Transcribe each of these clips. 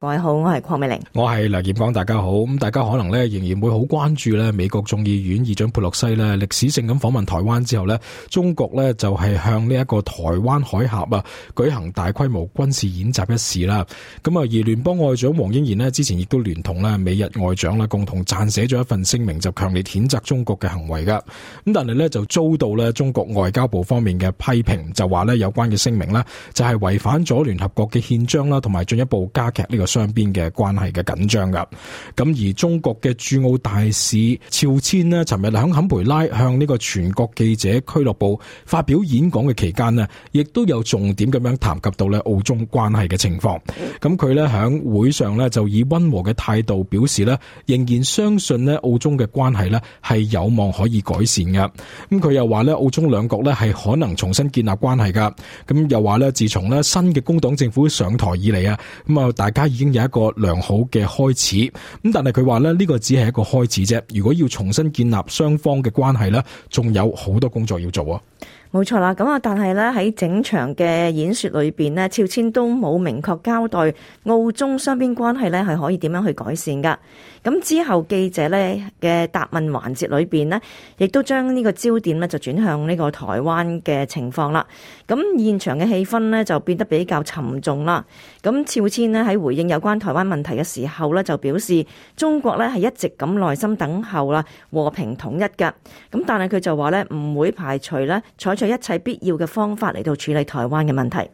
各位好，我係鄺美玲，我係梁劍光，大家好。咁大家可能呢仍然會好關注呢美國眾議院議長佩洛西呢歷史性咁訪問台灣之後呢中國呢就係向呢一個台灣海峽啊舉行大規模軍事演習一事啦。咁啊，而聯邦外長黃英賢呢之前亦都聯同咧美日外長啦共同撰寫咗一份聲明，就強烈譴責中國嘅行為噶。咁但係呢就遭到呢中國外交部方面嘅批評，就話呢有關嘅聲明咧就係違反咗聯合國嘅憲章啦，同埋進一步加劇呢、這個。雙邊嘅關係嘅緊張噶，咁而中國嘅駐澳大使肖千呢，尋日響坎培拉向呢個全國記者俱樂部發表演講嘅期間呢，亦都有重點咁樣談及到呢澳中關係嘅情況。咁佢、嗯、呢響會上呢就以溫和嘅態度表示呢，仍然相信呢澳中嘅關係呢係有望可以改善嘅。咁佢又話呢澳中兩國呢係可能重新建立關係噶。咁又話呢自從呢新嘅工黨政府上台以嚟，啊，咁啊大家。已經有一個良好嘅開始，咁但係佢話咧呢個只係一個開始啫，如果要重新建立雙方嘅關係呢，仲有好多工作要做啊。冇錯啦，咁啊，但係咧喺整場嘅演說裏面，呢肖千都冇明確交代澳中雙邊關係咧係可以點樣去改善噶。咁之後記者咧嘅答問環節裏面，呢亦都將呢個焦點呢就轉向呢個台灣嘅情況啦。咁現場嘅氣氛呢就變得比較沉重啦。咁肖千呢喺回應有關台灣問題嘅時候呢，就表示中國呢係一直咁耐心等候啦，和平統一噶。咁但係佢就話呢：「唔會排除呢採。」用一切必要嘅方法嚟到處理台灣嘅問題。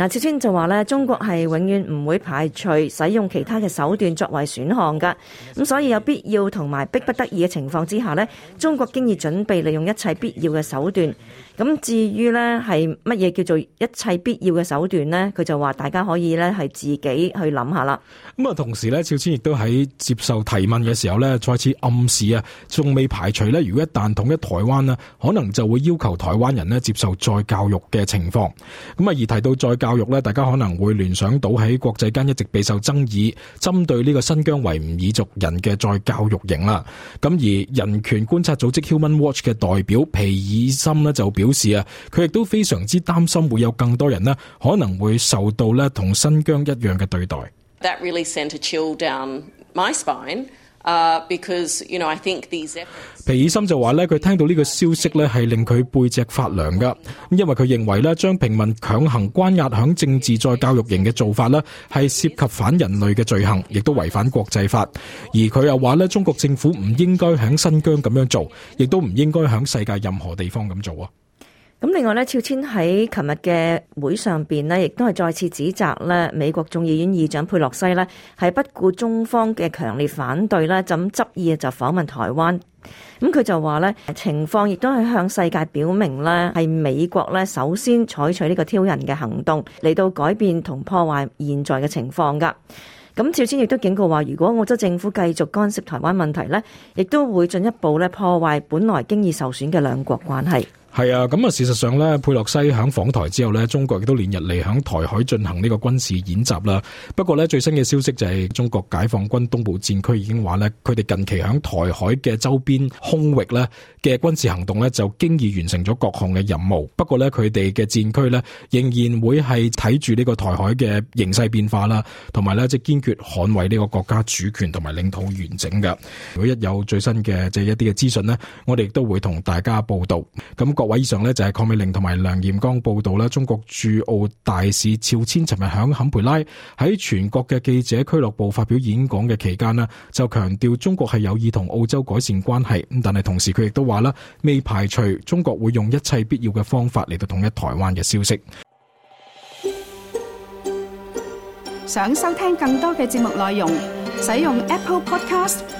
嗱，肖千就話咧，中國係永遠唔會排除使用其他嘅手段作為選項噶，咁所以有必要同埋逼不得已嘅情況之下咧，中國經已準備利用一切必要嘅手段。咁至於咧係乜嘢叫做一切必要嘅手段咧，佢就話大家可以咧係自己去諗下啦。咁啊，同時咧，肖千亦都喺接受提問嘅時候咧，再次暗示啊，仲未排除咧，如果一旦統一台灣呢，可能就會要求台灣人咧接受再教育嘅情況。咁啊，而提到再教教育咧，大家可能會聯想到喺國際間一直備受爭議，針對呢個新疆維吾爾族人嘅再教育營啦。咁而人權觀察組織 Human Watch 嘅代表皮爾森咧就表示啊，佢亦都非常之擔心會有更多人咧可能會受到咧同新疆一樣嘅對待。That really sent a chill down my spine. 皮爾森就話咧，佢聽到呢個消息咧，係令佢背脊發涼噶。因為佢認為咧，將平民強行關押響政治再教育營嘅做法呢係涉及反人類嘅罪行，亦都違反國際法。而佢又話咧，中國政府唔應該響新疆咁樣做，亦都唔應該響世界任何地方咁做啊。咁另外咧，肖千喺琴日嘅會上面呢，亦都係再次指責咧美國眾議院議長佩洛西呢，係不顧中方嘅強烈反對呢，就咁執意就訪問台灣。咁佢就話咧，情況亦都係向世界表明呢，係美國咧首先採取呢個挑釁嘅行動，嚟到改變同破壞現在嘅情況噶。咁肖千亦都警告話，如果澳洲政府繼續干涉台灣問題咧，亦都會進一步咧破壞本來經已受損嘅兩國關係。係啊，咁啊，事實上咧，佩洛西響訪台之後咧，中國亦都連日嚟響台海進行呢個軍事演習啦。不過咧，最新嘅消息就係中國解放軍東部戰區已經話咧，佢哋近期響台海嘅周邊空域咧嘅軍事行動咧就經已完成咗各項嘅任務。不過咧，佢哋嘅戰區咧仍然會係睇住呢個台海嘅形勢變化啦，同埋咧即係堅決捍衛呢個國家主權同埋領土完整㗎。如果一有最新嘅即係一啲嘅資訊呢，我哋都會同大家報道。咁。各位以上呢，就係鄺美玲同埋梁艷剛報道啦。中國駐澳大使肖千尋日響坎培拉喺全國嘅記者俱樂部發表演講嘅期間呢，就強調中國係有意同澳洲改善關係，咁但係同時佢亦都話啦，未排除中國會用一切必要嘅方法嚟到統一台灣嘅消息。想收聽更多嘅節目內容，使用 Apple Podcast。